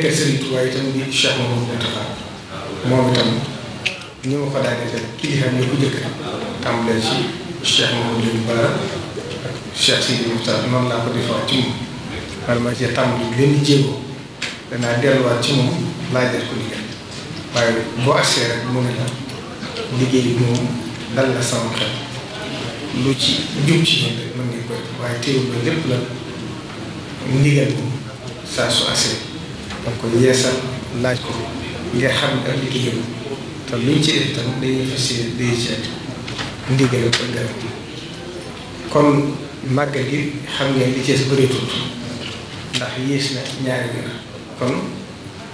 te Serigne Touba noonu laa ko defee ci moom ma cee tàmbali liggéey bi moom dal la sama xel lu ci jub ci ñun rek mën nga koy waaye teewul ba lépp la ndigal saa su àgsee. kon nga laaj ko nga xam ne ak li jëm te luñ ci def dañuy fas yéene day seet ndigal ak kon màggal gi xam ngeen li cees bëreetul ndax yées na ñaari weer kon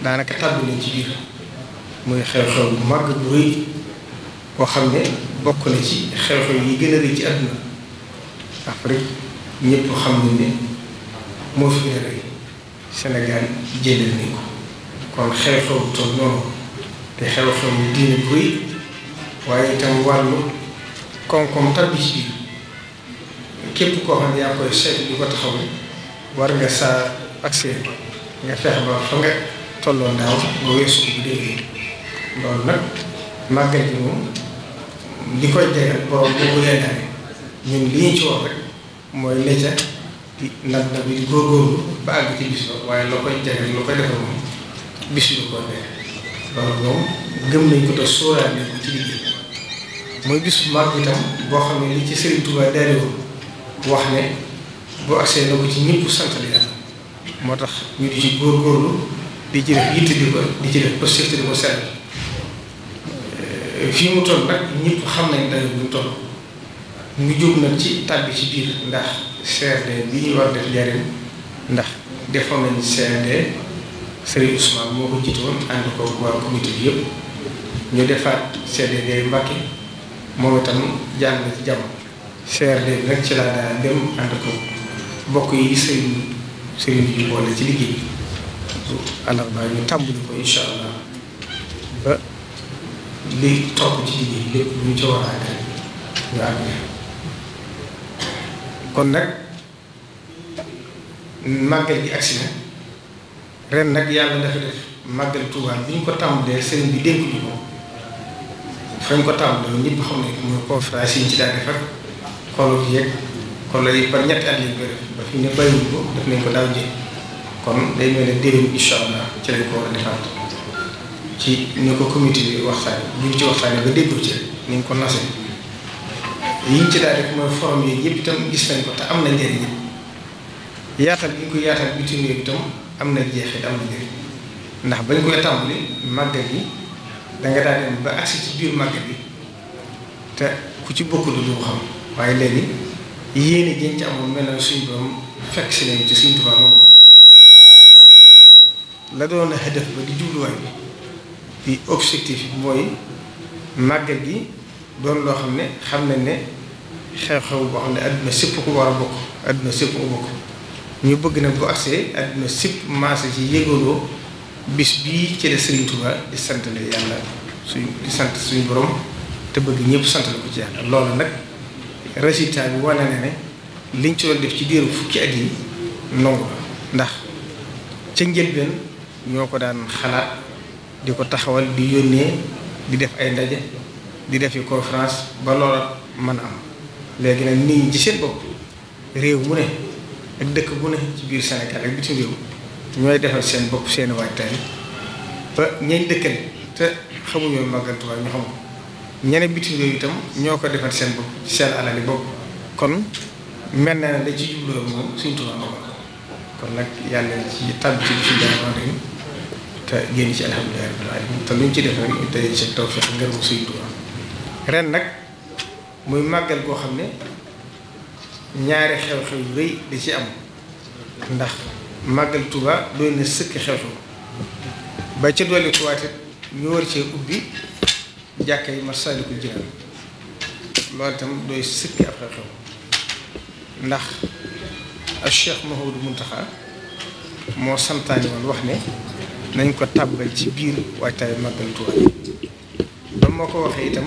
daanaka tàbbi nañ ci biir muy xew-xew bu màgg bu rëy boo xam ne bokk na ci xew-xew yi gën a rëy ci àdduna Afrique ñëpp xam nañ ne moo fi gën a Sénégal jëlal nañ ko kon xew-xew toog noonu te xew-xew mu diine koy waaye itam wàllu koom-koom tabbi ci képp koo xam ne yaa koy seet du ko taxaw war nga saa accès nga feex ba fa nga tolloon daaw ba weesu bu déggee loolu nag màggal li koy jagal boobu boobu yaay ñun li ñu ci wax rek mooy léegi ndam ndam yi góorgóorlu ba àgg ci bis ba waaye loo koy jagleel loo koy defal moom bis bi ko loolu moom gëm nañ ko te sóoraat nañ ci liggéey mooy bis bu mag ne li ci ne boo agsee na ko ci ñëpp sant moo tax ñu di ci di di ko di ci def positif di ko seetlu. Euh, fii mu toll nag ñëpp xam nañ dayo bu mu toll ñu jóg nag ci tàbbi ci biir ndax CRD bi ñuy war def njariñ ndax defoon nañu CRD Serigne Ousmane moo ko jiite ànd ko waa comité bi yëpp ñu defaat CRD Mbacke moom itam jàng na ci jàmm CRD bi nag ci laa daa dem ànd ko bokk yi Serigne Serigne bi boole ci liggéey alors ba ñu tàmbali ko incha allah ba li topp ci liggéey lépp ñu ci war a ñu àgg kon nag màggal gi agsi na ren nag yàlla dafa def màggal Tuubaa bi ñu ko tàmbalee seen bi dénk ñu ko fañ ko tàmbalee ñëpp xam ne mooy conférence yi ñu ci daan defar xooloo yeeg xooloo yi par ñetti at lañ ko def ba fi ne bàyyiwuñ ko def nañ ko daaw jéeg kon day mel ko war a defaat ci ni ko comité bi waxtaanee ñu ngi ci waxtaanee ba déglu ci ni ñu ko nasee. yiñ ci daal def mooy forom yooyu yëpp itam gis nañ ko te am na njëriñ yëpp yaatal bi ñu koy yaatal bitim réew itam am na jeexit am na njëriñ ndax koy tàmbali màggal gi danga daal dem ba agsi ci biir màggal bi te ku ci bokk du xam waaye léegi yéene jën ci amoon mel na suñu borom fekk si leen ci suñu tubaab moom la doon a xëdëf ba di jubluwaay bi di objectif mooy màggal gi doon loo xam ne xam nañ ne xew-xew boo xam ne àdduna sépp ko war a bokk àdduna sépp ko ñu bëgg nag bu agsee àdduna sépp maase ci yëgaloo bis bii ci la Serigne Touba di sant la yàlla suñ di sant suñu borom te bëgg ñëpp sant la ko ci yàlla loolu nag résultat bi wane na ne liñ ci doon def ci diiru fukki at yi nangu ndax ca njëlbeen ñoo ko daan xalaat di ko taxawal di yónnee di def ay ndaje di def yu conférence ba loola man am léegi nag nit ñi ci seen bopp réew mu ne ak dëkk bu ne ci biir Sénégal ak bitim réew ñooy defal seen bopp seen waajtaay ba ñeñ dëkkal te xamuñoo màggal Tuubaa ñu xam ñene bitim réew itam ñoo ko defal seen bopp ci bopp kon mel na ne da ci jubloo suñ Tuubaa ko kon nag yàlla ci tàbb ci bi ci jamono te génn ci alhamdulilah rabbil alamin te luñ ci def rek te ci tawfiq ngërëmu suñ Tuubaa ren nag muy màggal goo xam ne ñaari xew-xew yu rëy ci am ndax màggal Touba doy na sëkki xew-xew ba ca dolli kuwaate ñu war cee ubbi jàkka yi Masaalikul Jinaan loolu itam doy sëkki ab xew-xew ndax ak Cheikh Mouhamadou Mountakha moo santaani woon wax ne nañ ko tàbbal ci biir waajtaayu màggal Touba ba moo ko waxee itam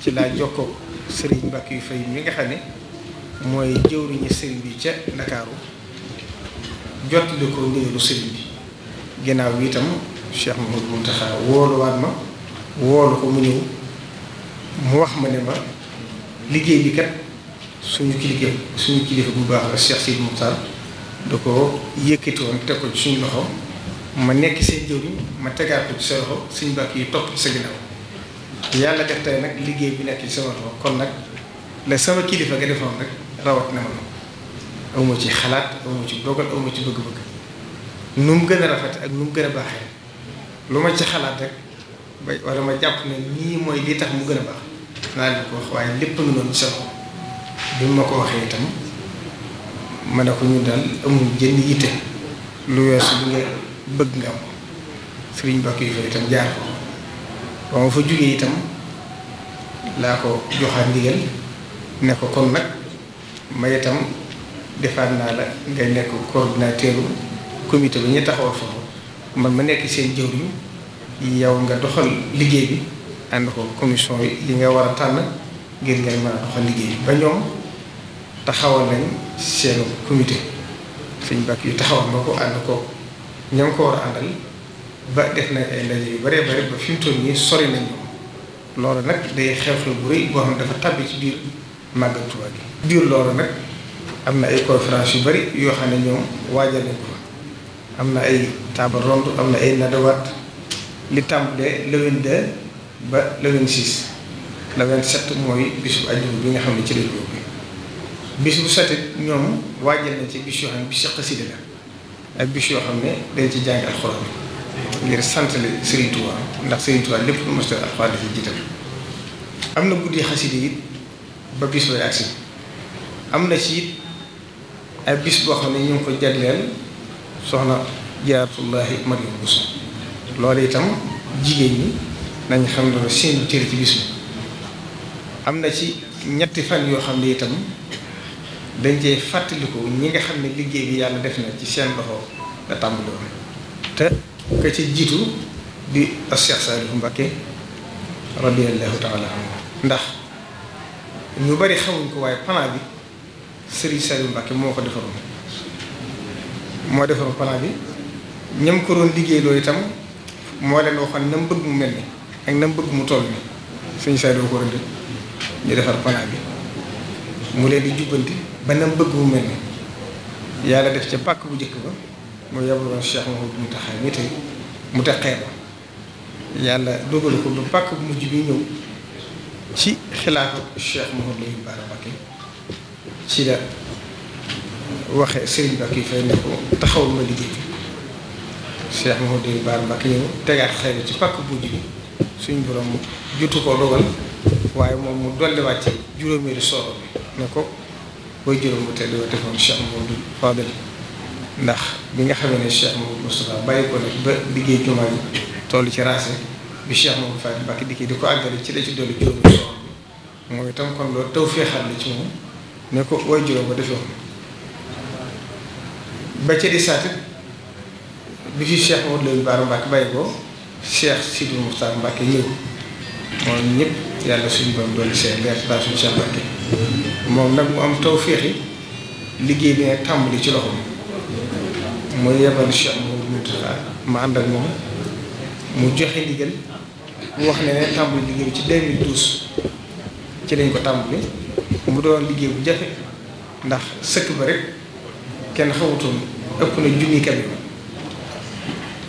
ci laa jokkoo sëriñ Mbàkke yu fay mi nga xam ne mooy jëwriñu sëriñ bi ca Ndakaaru jot li ko ndigalu sëriñ bi ginnaaw bi itam Cheikh Mouhamadou Mountakha wooluwaat ma woolu ko mu ñëw mu wax ma ne ma liggéey bi kat suñu kilifa suñu kilifa bu baax la Cheikh Sidi Moukhtar da ko yëkkati woon teg ko ci suñu loxo ma nekk seen jëwriñ ma tegaat ci sa loxo suñu bàkk yi topp ci sa ginnaaw yàlla def tey nag liggéey bi nekk ci sama tool kon nag la sama kilifa nga defoon rek rawat na ma ko ci xalaat amu ci dogal amu ci bëgg-bëgg nu mu gën a rafet ak nu mu gën a baaxee lu ma ci xalaat rek ba ma jàpp ne nii mooy li tax mu gën a baax naa leen ko wax waaye lépp nga doon solo bi ma ko waxee itam ma ne ko ñu daal amul jënd yitte lu weesu bi nga bëgg nga am sëriñ Bakio itam jaar ko. ba ma fa jógee itam laa ko joxaat ndigal ne kon nag ma itam defaat naa la ngay nekk coordinateur comité bi ñu taxawal foofu man ma nekk seen jëwriñ yow nga doxal liggéey bi ànd ko commission yi nga war a tànn ngir ngay mën a doxal liggéey bi ba ñoom taxawal nañ seen comité suñ bàkk yu taxawal ma ko ànd ko ña ko war a àndal ba def nañ ay ndaje yu bëree bëri ba fi mu toll nii sori nañ ko nag day xew-xew bu rëy boo xam ne dafa tabbi ci biir màggal Tuuba biir loolu nag am na ay conférence yu bëri yoo xam ne ñoom waajal nañ ko na ay table ronde am na ay nadawaat li tàmbalee le 22 ba le 26 le mooy bis bu àjjuma bi nga xam ne ci la jóg bis bu set ñoom waajal nañ ci bis yoo xam ne bis xasida la ak bis yoo xam ne dañ ci jàng alxuraan. ngir santale Serigne ndax Serigne lépp lu mos a alxuraan dafa am na guddi xasida it ba bis bay agsi am na ci it ay bis boo xam ne ñu ngi ko jagleel soxna Jaaratullaahi Mariam Bousso loolu itam jigéen ñi nañ xam ne seen cër ci bis bi am na ci ñetti fan yoo xam ne itam dañ cee fàttaliku ñi nga xam ne liggéey bi yàlla def na ci seen loxo la tàmbali woon ka ci jiitu di as Cheikh Saliou Mbacké radiyallahu taala ndax ñu bari xamuñ ko waaye plan bi Serigne Saliou Mbacké moo ko defaroon moo defaroon plan bi ñam ko doon liggéey loolu itam moo leen waxoon na mu bëgg mu mel ni ak na mu bëgg mu toll ni sëñ Saliou ko rëdd ñu defar plan bi mu leen di jubbanti ba na mu bëgg mu mel ni yàlla def ca pàkk bu njëkk ba mu yebaloon Cheikh Mouhamadou Mountakha mi tey mu teg xeer ba yàlla dogal ko ba pàkk bu mujj bi ñëw ci xilaatu Cheikh Mouhamadou Lamine Bara Mbacké ci la waxe Serigne Mbacké fay ne ko taxawul ma liggéey ñëw tegaat xeer bi ci pàkk bu mujj bi suñ borom jotu ko dogal waaye moom mu dolliwaat ci juróomeeri soro bi ne ko booy juróom bu tedd wa defoon Cheikh Mouhamadou Fadel ndax bi nga xamee ne Cheikh Mamadou Moustapha bàyyi ko nag ba liggéey jumaa ji toll ci raase bi Cheikh Mamadou Fadi Mbacké di kii di ko àggale ci la ci dolli jóobu soxla bi mooy ci moom ne ko way di saatit bi fi Cheikh Mamadou Lamine ko Cheikh Sidi Moustapha Mbacké ñëpp yàlla suñu borom dolli seen leer daa suñu Cheikh moom nag mu am taw féexi liggéey bi nag tàmbali ci loxoom mooy yebal Cheikh Mouhamadou Mountakha ma ànd ak moom mu joxe ndigal mu wax ne ne tàmbali liggéey bi ci 2012 ci lañ ko tàmbali mu doon liggéey bu jafe ndax sëkk ba rek kenn xawutoon ëpp na junni camion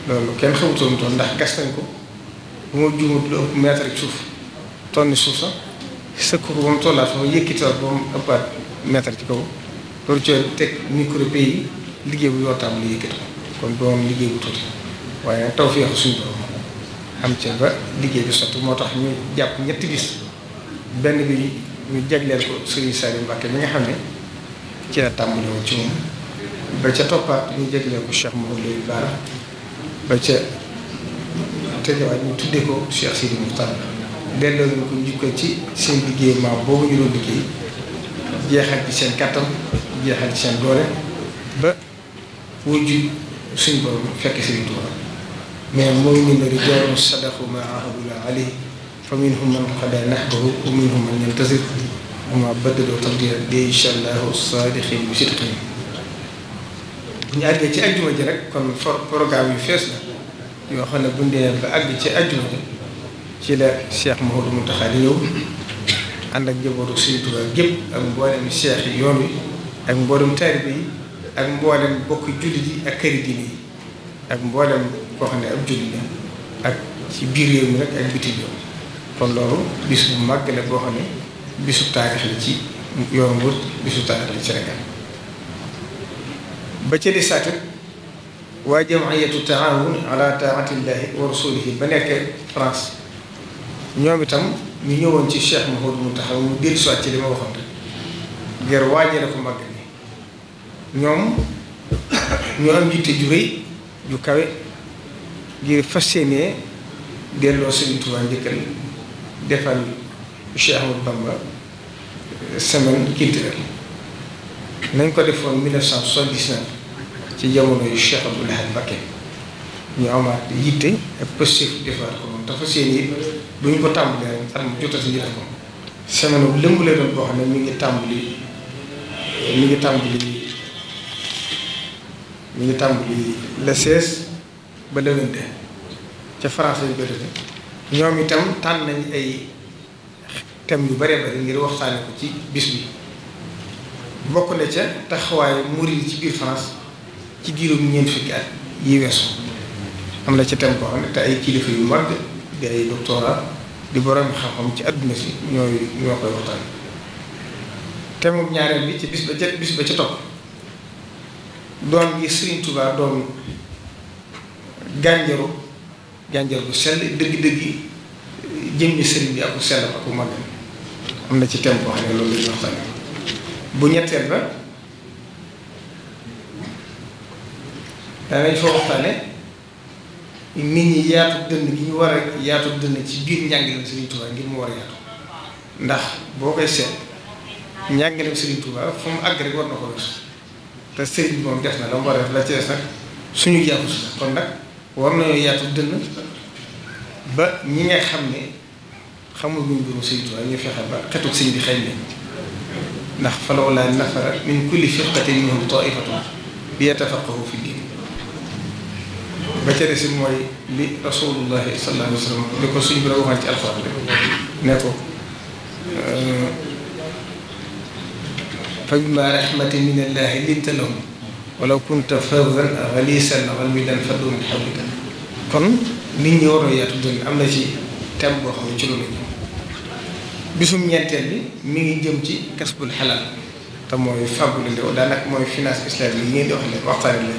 loolu kenn xawutoon toon ndax gas nañ ko bu ma juumut lu ëpp mètre ak suuf tonni suuf sax sëkk ko ba mu tollaat fa ma yëkkitoor ba ëppaat mètre ci kaw loolu cooy teg micro pays liggéey bu yootaam lu yëkkati kon doon liggéey bu tuuti waaye nag taw feexu suñu borom am ca ba liggéey bi sotti moo tax ñu jàpp ñetti bis benn bi ñu jagleel ko Serigne Saliou Mbacké mi nga xam ne ci la tàmbali ba ca toppaat mu jagleel ko Cheikh Mawlid Bara ba ca tëjewaat ñu tuddee ko Cheikh Sidi Moukhtar ñu ko njukkal ci seen liggéey maam boobu ñu doon liggéey jeexal ci seen kattan jeexal ci seen doole ba wujj suñ borom fekk Sëriñ Tuubaa mais mooy min rijaalun sadaqu maa ahadullah alayhi fa minhum man qadaa nahbahu wa minhum man yantazir wa maa baddaloo tabdiila inshaa Allahu saadiqiin bi sidqihim ñu àggee ci ajjuma ji rek kon programme yu fees la yoo xam ne bu ñu ba àgg ci ajjuma ji ci la Cheikh Mouhamadou Mountakha di ñëw ànd ak njabootu Sëriñ Tuubaa gépp ak mboolem cheikh yi yoon wi ak mboolem taalibe yi ak mboolem bokki jullit yi ak këri diine yi ak mboolem koo xam ne ab jullit la ak ci biir réew mi ak biti réew kon loolu bis bu mag la boo xam ne bisu taarix la ci yoon wut bisu taarix la ci na ba ca desaat waa jamiyatu taawun ala taatillahi wa rasulihi ba nekkee France ñoom itam ñu ñëwoon ci Cheikh Mouhamadou Mountakha mu dellusiwaat ci li ma waxoon rek ngir waajale ko màggal ñoom ñoo am yitte ju ju kawe ngir fas yéenee delloo Sëriñ Tuubaa njëkkal defal Cheikh Ahmadou Bamba euh, semaine culturelle nañ ko defoon 1979 ci jamono yu Cheikh Abdoul Ahad Mbacké ñu amaat yitte ak positif defaat ko moom dafa seen it bu ñu ko tàmbalee rek at mu jotati njëkk ko semaine bu lëmb la boo xam ne mi ngi tàmbali mi ngi tàmbali ñu ngi tàmbali le 16 ba déwénte ca France lañ koy defee ñoom itam tànn nañ ay thèmes yu bëree bëri ngir waxtaane ko ci bis bi bokk na ca taxawaayu murid ci biir France ci diirum ñeent fukki at yi weesu am na ca tem boo xam ne te ay kilifa yu mag di ay doctorat di borom xam-xam ci adduna si ñooy ñoo koy waxtaan thème bu bi ci bis ca bis ba ca topp doom gi Serigne Touba doom gànjaru gànjaru bu sell dëgg-dëgg jëmmi Serigne bi ak bu sell ak bu mag am na ci thème boo xam loolu la ñuy bu ñetteel ba daanañ fa waxtaane nit ñi yaatu dënn gi ñu war a yaatu dënn ci biir njàngaleem Serigne Touba ngir mu war a yaatu ndax boo koy seet njàngaleem Serigne Touba fu mu àgg rek war na ko weesu. te sëriñ moom def na la mu def la ci des suñu jàpp si kon nag war nañoo yaatu dënn ba ñi nga xam ne xamul luñ mbirum Sëriñ Tuubaa ñu fexe ba xetuk sëñ bi xëy na ndax falawlaa nafara min kulli firqatin minhum taa'ifatun liyatafaqqahu fi diin ba ca des mooy li rasulullahi sallallahu li ko suñu bi la waxoon ci alxuraan ne ko. fa bimaa rahmatin min allaahi linta lahum walaw kunta fazzan ghaliizal qalbi lanfaddu min hawlika kon nit ñi waroo yaatu dund am na ci thème boo xam ne ci loolu ñoom bisum bi mi ngi jëm ci kasbul xalaal te mooy fàggule yi ngeen di wax ne waxtaane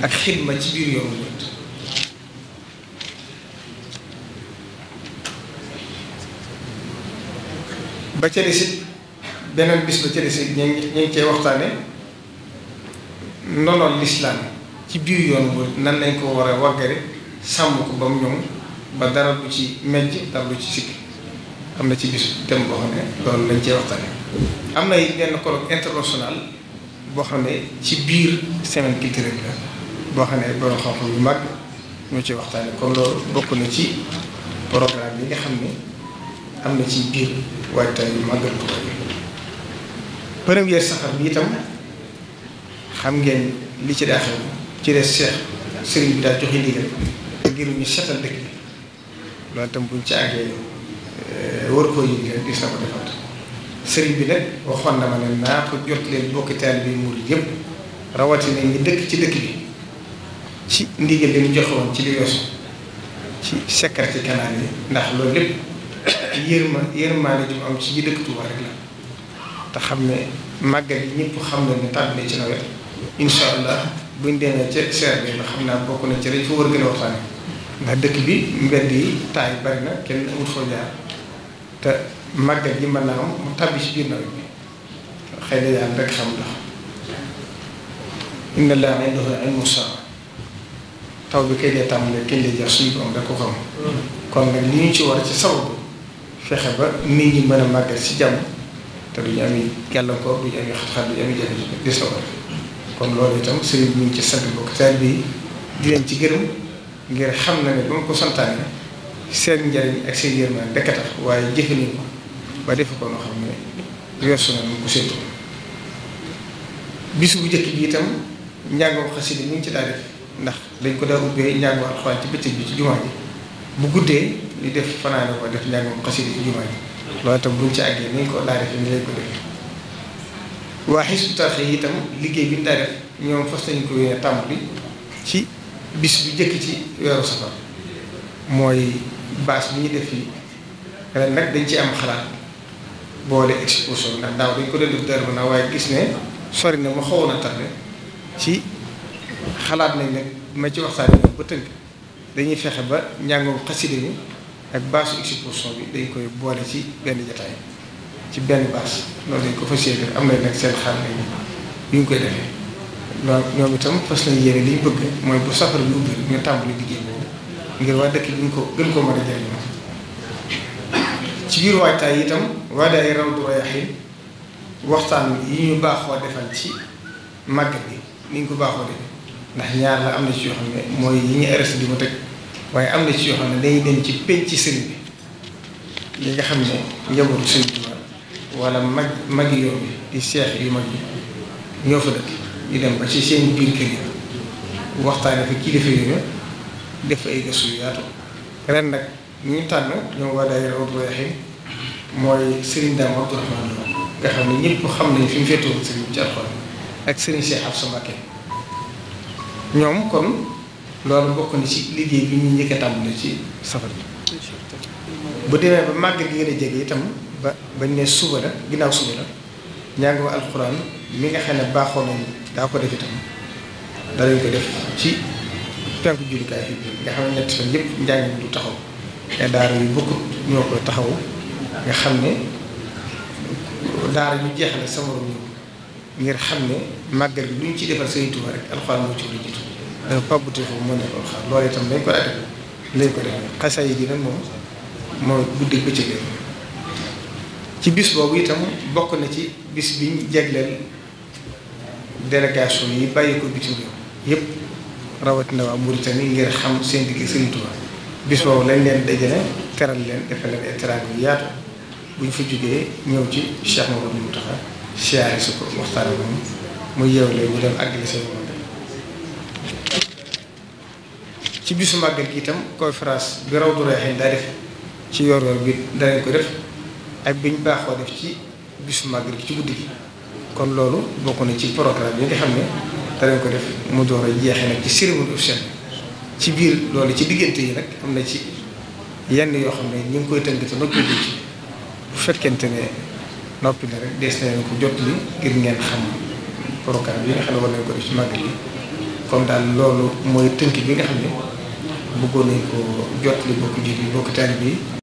la ak xidma ci biir yoonu murit ba ca des beneen bis ba cëri si ñu ngi ñu ngi cee waxtaane ndono lislaam ci biir yoon bu nan lañ ko war a waggare sàmm ko ba ñoom ba dara lu ci mejj dara du ci sikk am na ci bis dem boo xam ne lañ cee waxtaane am na it benn colloque boo xam ne ci biir semaine culturelle la boo xam ne borom xam-xam yu mag ñoo ci waxtaane comme loolu bokk na ci programme yi nga xam ne am na ci biir waajtaay yu màggal ko première safar bi itam xam ngeen li ci daa xew ci des seex sëriñ bi daal joxe ndigal ngir setal dëkk bi loolu itam buñ ci àggee euh, war koo yëg di sama defaat sëriñ bi nag waxoon na ma ne naa ko jot leen bokki taal bi murid yëpp rawatina ñi dëkk ci dëkk bi ci ndigal li mu joxewoon ci li weesu ci secret ci kanaan yi ndax loolu lépp yërma yërmaane ju am ci yi dëkk Tuubaa rek la te xam ne màggal yi ñëpp xam nañ ne tàmbali ci nawet incha allah buñ demee ca seer bi nga xam naa bokk na ci rek fa war a gën a waxtaane ndax dëkk bi mbedd yi taay bari na kenn amul foo jaar te mën naa am mu tàbbi ci biir nawet bi xëy na yàlla rek xam ndax inna laa indahu ilmu saa taw bi kay dee ne kenn dee jeex suñu borom rek ko xam mm. kon nag li ñu ci war ci sababu fexe ba nit ñi mën a màggal ci jàmm te du ñu amee gàllankoor du ñu amee xat-xat du ñu amee jafe-jafe des na kon loolu itam sëriñ bi ñu ci sant bokk taal bi di leen ci gërëm ngir xam na ne ba ma ko santaane seen njariñ ak seen yërmande dëkk tax waaye jëfe nañ ko ba defe ko noo xam ne weesu na mu ko séntu bisu bu njëkk bi itam njàngoo xasida mu ngi ci daal def ndax dañ ko daa ubbee njàngoo alxuraan ci bëccëg bi ci bu guddee li def fanaane ko def njàngoo xasida ci jumaa ji loolu itam buñ ci àggee ni ñu ko daal di fi ñu lay ko defee waa Hizbut Tarqiyyah itam liggéey bi ñu daa def ñoom fas ko yéene tàmbali ci bis bu njëkk ci weeru safar mooy baas bi ñu def fii ren nag dañ ci am xalaat boole exposition ndax daaw dañ ko doon def dër ba waaye gis ne sori na ma xawoon a tarde ci xalaat nañ ne ma ci waxtaan ba tënk dañuy fexe ba njàngoom xaside ak bâche exposition bi dañ koy boole ci benn jataay ci benn bâche loolu dañ ko fas yéene am na nag seen xaar nañu yu ñu koy ñoom itam fas nañ yéene li mooy bu safara ñu tàmbali liggéey boobu ngir waa dëkk bi ko gën ko mën a jëriñoo ci biir itam waa day raw du waxtaan yi ñu baaxoo defal ci màgg bi ni ko baaxoo defee ndax ñaar la am na ci yoo xam ne mooy yi ñu RSD di ma teg waaye am na ci yoo xam ne dañuy dem ci penc sëriñ bi xam ne njabootu sëriñ bi mag mag yoon bi di seex yu mag yi ñoo fa dëkk di dem ba ci seen biir kër yi waxtaane fa kilifa yi ñu def ay gëstu yu yaatu ren nag ñu tànn ñoom waa daayira Rawdu Rayaahiin mooy sëriñ Daam Abdourahmane Lo nga xam ne ñëpp xam nañ fi mu féetewul sëriñ ci alxuraan ak sëriñ Cheikh Absa Mbacké ñoom kon loolu bokk na ci liggéey bi ñu njëkk a tàmbali ci safar bi bu demee ba màggal gi gën a jege itam ba bañ ne suba la ginnaaw suba la njàngoo alxuraan mi nga xam ne baaxoo nañ daa ko def itam danañ ko def ci penku jullikaay fi nga xam ne ñett fan taxaw te daara yu bokkut ñoo ko taxaw nga xam ne daara ñu jeexale sama morom ngir xam ne màggal gi lu ñu ci defal Sëriñ Tuubaa rek alxuraan moo ci war jiitu Euh, Pape Boutifou moo nekkoon xaar loolu itam lañ koy attaqué lañ ko def xasaay yi nag moom mooy guddi bëccëg ci bis boobu itam bokk na ci bis bi ñu jagleel délégation yi bàyyi ko bitim réew yëpp rawatina waa Mauritanie ngir xam seen digg Serigne Touba bis boobu lañ leen dajale teral leen defal leen ay teraanga yu yaatu bu ñu fa jógee ñëw ci Cheikh Mamadou Mountakha siyaare si ko waxtaan moom mu yeew leen mu dem àggale seen ci bisu màggal gi itam conférence bi raw du reexee daa def ci yor yor bi danañ ko def ak bi ñu baaxoo def ci bisu màggal gi ci guddi gi kon loolu bokk na ci programme yi nga xam ne danañ ko def mu door a jeexee nag ci cérémonie officielle ci biir loolu ci diggante yi rek am na ci yenn yoo xam ne ñu ngi koy tënk te noppi ci bu fekkente ne noppi na rek des nañ ko jot li ngir ngeen xam programme yi nga xam ne war nañ ko def ci màggal gi kon daal loolu bi nga xam bëggoon nañ ko jot li bokk ji bi bokk bi